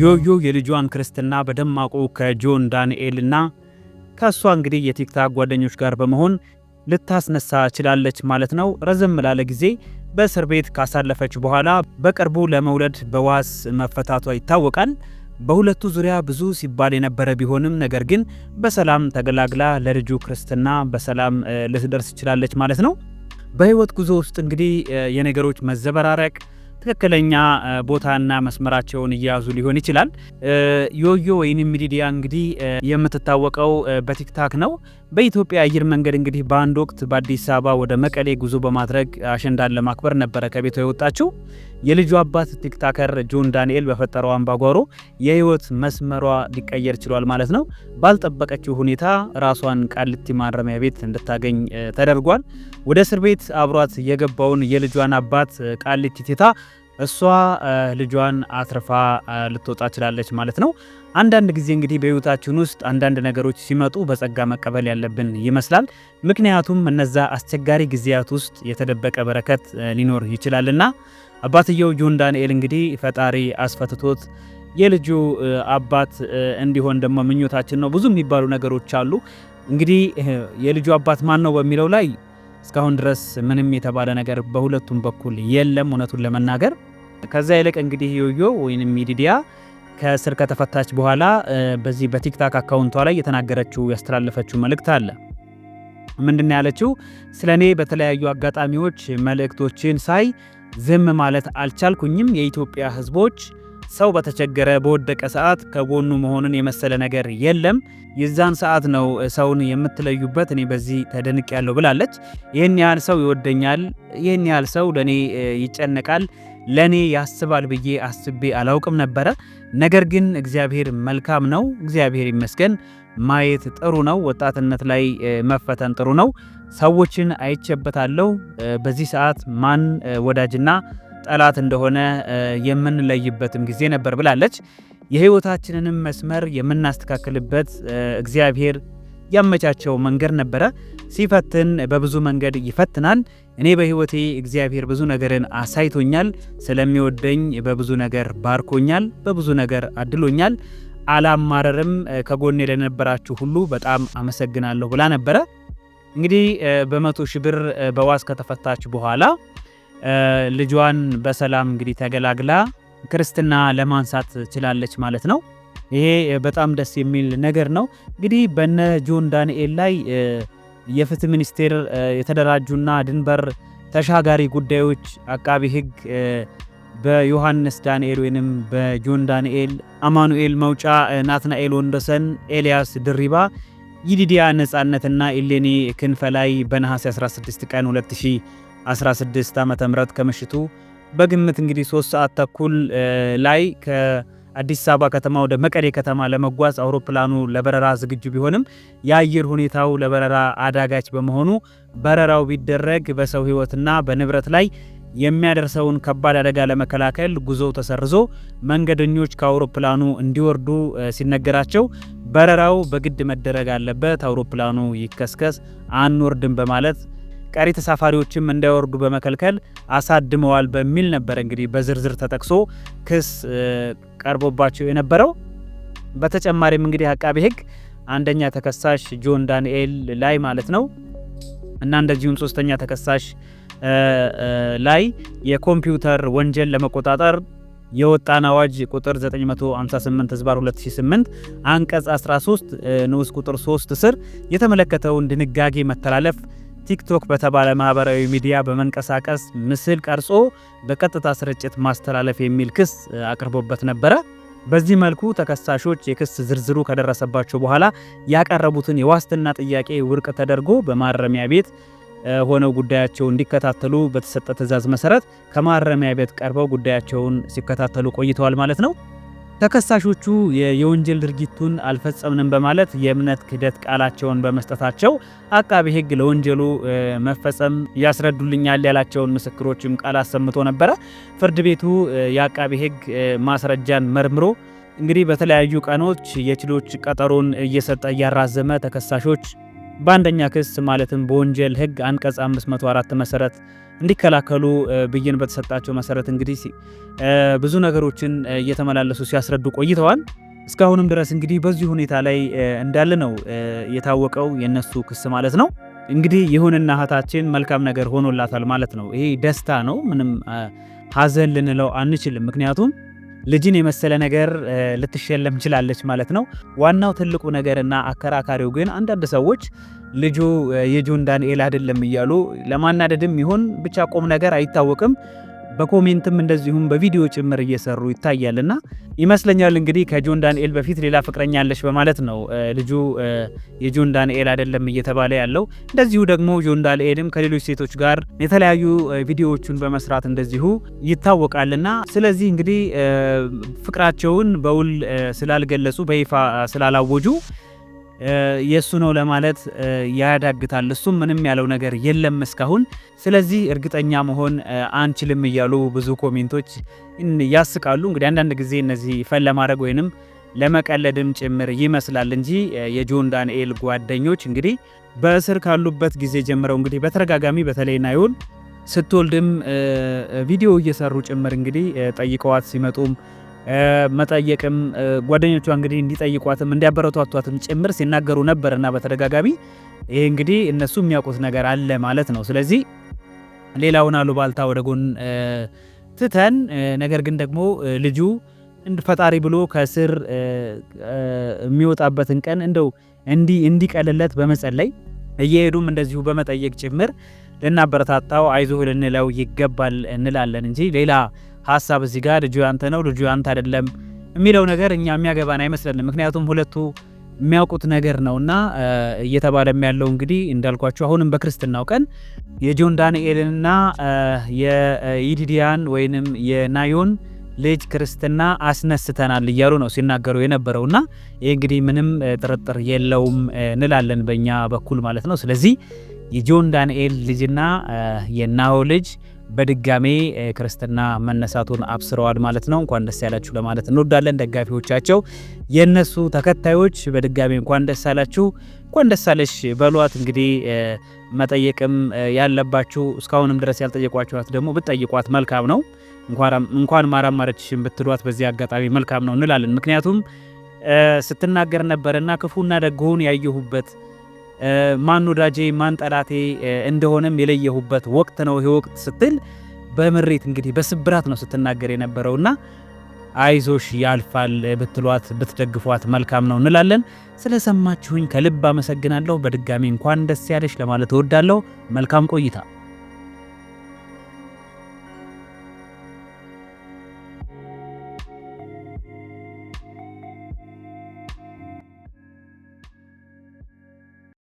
ዮዮ የልጇን ክርስትና በደማቁ ከጆን ዳንኤልና ከእሷ እንግዲህ የቲክታክ ጓደኞች ጋር በመሆን ልታስነሳ ችላለች ማለት ነው። ረዘም ላለ ጊዜ በእስር ቤት ካሳለፈች በኋላ በቅርቡ ለመውለድ በዋስ መፈታቷ ይታወቃል። በሁለቱ ዙሪያ ብዙ ሲባል የነበረ ቢሆንም ነገር ግን በሰላም ተገላግላ ለልጁ ክርስትና በሰላም ልትደርስ ችላለች ማለት ነው። በህይወት ጉዞ ውስጥ እንግዲህ የነገሮች መዘበራረቅ ትክክለኛ ቦታና መስመራቸውን እየያዙ ሊሆን ይችላል። ዮዮ ወይም ሚዲዲያ እንግዲህ የምትታወቀው በቲክታክ ነው። በኢትዮጵያ አየር መንገድ እንግዲህ በአንድ ወቅት በአዲስ አበባ ወደ መቀሌ ጉዞ በማድረግ አሸንዳን ለማክበር ነበረ ከቤቷ የወጣችው። የልጁ አባት ቲክታከር ጆን ዳንኤል በፈጠረው አምባጓሮ የህይወት መስመሯ ሊቀየር ችሏል ማለት ነው። ባልጠበቀችው ሁኔታ ራሷን ቃሊቲ ማረሚያ ቤት እንድታገኝ ተደርጓል። ወደ እስር ቤት አብሯት የገባውን የልጇን አባት ቃሊቲ ቴታ እሷ ልጇን አትርፋ ልትወጣ ችላለች ማለት ነው። አንዳንድ ጊዜ እንግዲህ በህይወታችን ውስጥ አንዳንድ ነገሮች ሲመጡ በጸጋ መቀበል ያለብን ይመስላል። ምክንያቱም እነዛ አስቸጋሪ ጊዜያት ውስጥ የተደበቀ በረከት ሊኖር ይችላልና አባትየው ጆን ዳንኤል እንግዲህ ፈጣሪ አስፈትቶት የልጁ አባት እንዲሆን ደግሞ ምኞታችን ነው። ብዙ የሚባሉ ነገሮች አሉ። እንግዲህ የልጁ አባት ማን ነው በሚለው ላይ እስካሁን ድረስ ምንም የተባለ ነገር በሁለቱም በኩል የለም፣ እውነቱን ለመናገር ከዛ ይልቅ እንግዲህ ዮዮ ወይም ሚዲዲያ ከእስር ከተፈታች በኋላ በዚህ በቲክታክ አካውንቷ ላይ የተናገረችው ያስተላለፈችው መልእክት አለ። ምንድን ያለችው ስለ እኔ በተለያዩ አጋጣሚዎች መልእክቶችን ሳይ ዝም ማለት አልቻልኩኝም። የኢትዮጵያ ህዝቦች ሰው በተቸገረ በወደቀ ሰዓት ከጎኑ መሆንን የመሰለ ነገር የለም። የዛን ሰዓት ነው ሰውን የምትለዩበት። እኔ በዚህ ተደንቅ ያለው ብላለች። ይህን ያህል ሰው ይወደኛል፣ ይህን ያህል ሰው ለእኔ ይጨነቃል ለእኔ ያስባል ብዬ አስቤ አላውቅም ነበረ። ነገር ግን እግዚአብሔር መልካም ነው። እግዚአብሔር ይመስገን። ማየት ጥሩ ነው። ወጣትነት ላይ መፈተን ጥሩ ነው። ሰዎችን አይቼበታለሁ። በዚህ ሰዓት ማን ወዳጅና ጠላት እንደሆነ የምንለይበትም ጊዜ ነበር ብላለች። የህይወታችንንም መስመር የምናስተካክልበት እግዚአብሔር ያመቻቸው መንገድ ነበረ። ሲፈትን በብዙ መንገድ ይፈትናል። እኔ በህይወቴ እግዚአብሔር ብዙ ነገርን አሳይቶኛል። ስለሚወደኝ በብዙ ነገር ባርኮኛል፣ በብዙ ነገር አድሎኛል። አላማረርም። ከጎኔ ለነበራችሁ ሁሉ በጣም አመሰግናለሁ ብላ ነበረ። እንግዲህ በመቶ ሺህ ብር በዋስ ከተፈታች በኋላ ልጇን በሰላም እንግዲህ ተገላግላ ክርስትና ለማንሳት ችላለች ማለት ነው። ይሄ በጣም ደስ የሚል ነገር ነው። እንግዲህ በነ ጆን ዳንኤል ላይ የፍትህ ሚኒስቴር የተደራጁና ድንበር ተሻጋሪ ጉዳዮች አቃቢ ህግ በዮሐንስ ዳንኤል ወይንም በጆን ዳንኤል፣ አማኑኤል መውጫ፣ ናትናኤል ወንደሰን፣ ኤልያስ ድሪባ፣ ይዲዲያ ነጻነትና ኢሌኒ ክንፈ ላይ በነሐሴ 16 ቀን 2016 ዓ ም ከምሽቱ በግምት እንግዲህ 3 ሰዓት ተኩል ላይ አዲስ አበባ ከተማ ወደ መቀሌ ከተማ ለመጓዝ አውሮፕላኑ ለበረራ ዝግጁ ቢሆንም የአየር ሁኔታው ለበረራ አዳጋች በመሆኑ በረራው ቢደረግ በሰው ሕይወትና በንብረት ላይ የሚያደርሰውን ከባድ አደጋ ለመከላከል ጉዞ ተሰርዞ መንገደኞች ከአውሮፕላኑ እንዲወርዱ ሲነገራቸው በረራው በግድ መደረግ አለበት፣ አውሮፕላኑ ይከስከስ፣ አንወርድም በማለት ቀሪ ተሳፋሪዎችም እንዳይወርዱ በመከልከል አሳድመዋል በሚል ነበር እንግዲህ በዝርዝር ተጠቅሶ ክስ ቀርቦባቸው የነበረው። በተጨማሪም እንግዲህ አቃቢ ህግ አንደኛ ተከሳሽ ጆን ዳንኤል ላይ ማለት ነው እና እንደዚሁም ሶስተኛ ተከሳሽ ላይ የኮምፒውተር ወንጀል ለመቆጣጠር የወጣን አዋጅ ቁጥር 958 ህዝባር 2008 አንቀጽ 13 ንዑስ ቁጥር 3 ስር የተመለከተውን ድንጋጌ መተላለፍ ቲክቶክ በተባለ ማህበራዊ ሚዲያ በመንቀሳቀስ ምስል ቀርጾ በቀጥታ ስርጭት ማስተላለፍ የሚል ክስ አቅርቦበት ነበረ። በዚህ መልኩ ተከሳሾች የክስ ዝርዝሩ ከደረሰባቸው በኋላ ያቀረቡትን የዋስትና ጥያቄ ውድቅ ተደርጎ በማረሚያ ቤት ሆነው ጉዳያቸው እንዲከታተሉ በተሰጠ ትዕዛዝ መሰረት ከማረሚያ ቤት ቀርበው ጉዳያቸውን ሲከታተሉ ቆይተዋል ማለት ነው። ተከሳሾቹ የወንጀል ድርጊቱን አልፈጸምንም በማለት የእምነት ክህደት ቃላቸውን በመስጠታቸው አቃቢ ሕግ ለወንጀሉ መፈጸም ያስረዱልኛል ያላቸውን ምስክሮችም ቃል አሰምቶ ነበረ። ፍርድ ቤቱ የአቃቢ ሕግ ማስረጃን መርምሮ እንግዲህ በተለያዩ ቀኖች የችሎች ቀጠሮን እየሰጠ እያራዘመ ተከሳሾች በአንደኛ ክስ ማለትም በወንጀል ህግ አንቀጽ 504 መሰረት እንዲከላከሉ ብይን በተሰጣቸው መሰረት እንግዲህ ብዙ ነገሮችን እየተመላለሱ ሲያስረዱ ቆይተዋል። እስካሁንም ድረስ እንግዲህ በዚህ ሁኔታ ላይ እንዳለ ነው የታወቀው የነሱ ክስ ማለት ነው። እንግዲህ ይሁንና እህታችን መልካም ነገር ሆኖላታል ማለት ነው። ይሄ ደስታ ነው። ምንም ሀዘን ልንለው አንችልም። ምክንያቱም ልጅን የመሰለ ነገር ልትሸለም ችላለች ማለት ነው። ዋናው ትልቁ ነገርና አከራካሪው ግን አንዳንድ ሰዎች ልጁ የጁን ዳንኤል አይደለም እያሉ ለማናደድም ይሁን ብቻ ቁም ነገር አይታወቅም በኮሜንትም እንደዚሁም በቪዲዮ ጭምር እየሰሩ ይታያልና ይመስለኛል እንግዲህ ከጆን ዳንኤል በፊት ሌላ ፍቅረኛ አለች በማለት ነው ልጁ የጆን ዳንኤል አይደለም እየተባለ ያለው። እንደዚሁ ደግሞ ጆን ዳንኤልም ከሌሎች ሴቶች ጋር የተለያዩ ቪዲዮዎቹን በመስራት እንደዚሁ ይታወቃልና ስለዚህ እንግዲህ ፍቅራቸውን በውል ስላልገለጹ በይፋ ስላላወጁ የእሱ ነው ለማለት ያዳግታል። እሱም ምንም ያለው ነገር የለም እስካሁን። ስለዚህ እርግጠኛ መሆን አንችልም እያሉ ብዙ ኮሜንቶች ያስቃሉ። እንግዲህ አንዳንድ ጊዜ እነዚህ ፈን ለማድረግ ወይንም ለመቀለድም ጭምር ይመስላል እንጂ የጆን ዳንኤል ጓደኞች እንግዲህ በእስር ካሉበት ጊዜ ጀምረው እንግዲህ በተደጋጋሚ በተለይ ናይሆን ስትወልድም ቪዲዮ እየሰሩ ጭምር እንግዲህ ጠይቀዋት ሲመጡም መጠየቅም ጓደኞቿ እንግዲህ እንዲጠይቋትም እንዲያበረቷቷትም ጭምር ሲናገሩ ነበር እና በተደጋጋሚ ይህ እንግዲህ እነሱ የሚያውቁት ነገር አለ ማለት ነው። ስለዚህ ሌላውን አሉባልታ ወደ ጎን ትተን ነገር ግን ደግሞ ልጁ ፈጣሪ ብሎ ከስር የሚወጣበትን ቀን እንደው እንዲቀልለት በመጸለይ እየሄዱም እንደዚሁ በመጠየቅ ጭምር ልናበረታታው አይዞህ ልንለው ይገባል እንላለን እንጂ ሌላ ሀሳብ እዚህ ጋር ልጁ ያንተ ነው ልጁ ያንተ አይደለም የሚለው ነገር እኛ የሚያገባን አይመስለንም። ምክንያቱም ሁለቱ የሚያውቁት ነገር ነውና እየተባለም ያለው እንግዲህ እንዳልኳቸው አሁንም በክርስትናው ቀን የጆን ዳንኤልንና የኢዲዲያን ወይንም የናዮን ልጅ ክርስትና አስነስተናል እያሉ ነው ሲናገሩ የነበረውና ይህ እንግዲህ ምንም ጥርጥር የለውም እንላለን በእኛ በኩል ማለት ነው። ስለዚህ የጆን ዳንኤል ልጅና የናዮ ልጅ በድጋሜ ክርስትና መነሳቱን አብስረዋል ማለት ነው። እንኳን ደስ ያላችሁ ለማለት እንወዳለን። ደጋፊዎቻቸው፣ የእነሱ ተከታዮች በድጋሜ እንኳን ደስ ያላችሁ እንኳን ደስ አለሽ በሏት። እንግዲህ መጠየቅም ያለባችሁ እስካሁንም ድረስ ያልጠየቋችኋት ደግሞ ብትጠይቋት መልካም ነው። እንኳን ማርያም ማረችሽን ብትሏት በዚህ አጋጣሚ መልካም ነው እንላለን። ምክንያቱም ስትናገር ነበርና ክፉና ደግሁን ያየሁበት ማን ወዳጄ ማን ጠላቴ እንደሆነም የለየሁበት ወቅት ነው ይህ ወቅት ስትል በምሬት እንግዲህ በስብራት ነው ስትናገር የነበረውና አይዞሽ ያልፋል ብትሏት ብትደግፏት መልካም ነው እንላለን። ስለሰማችሁኝ ከልብ አመሰግናለሁ። በድጋሚ እንኳን ደስ ያለሽ ለማለት እወዳለሁ። መልካም ቆይታ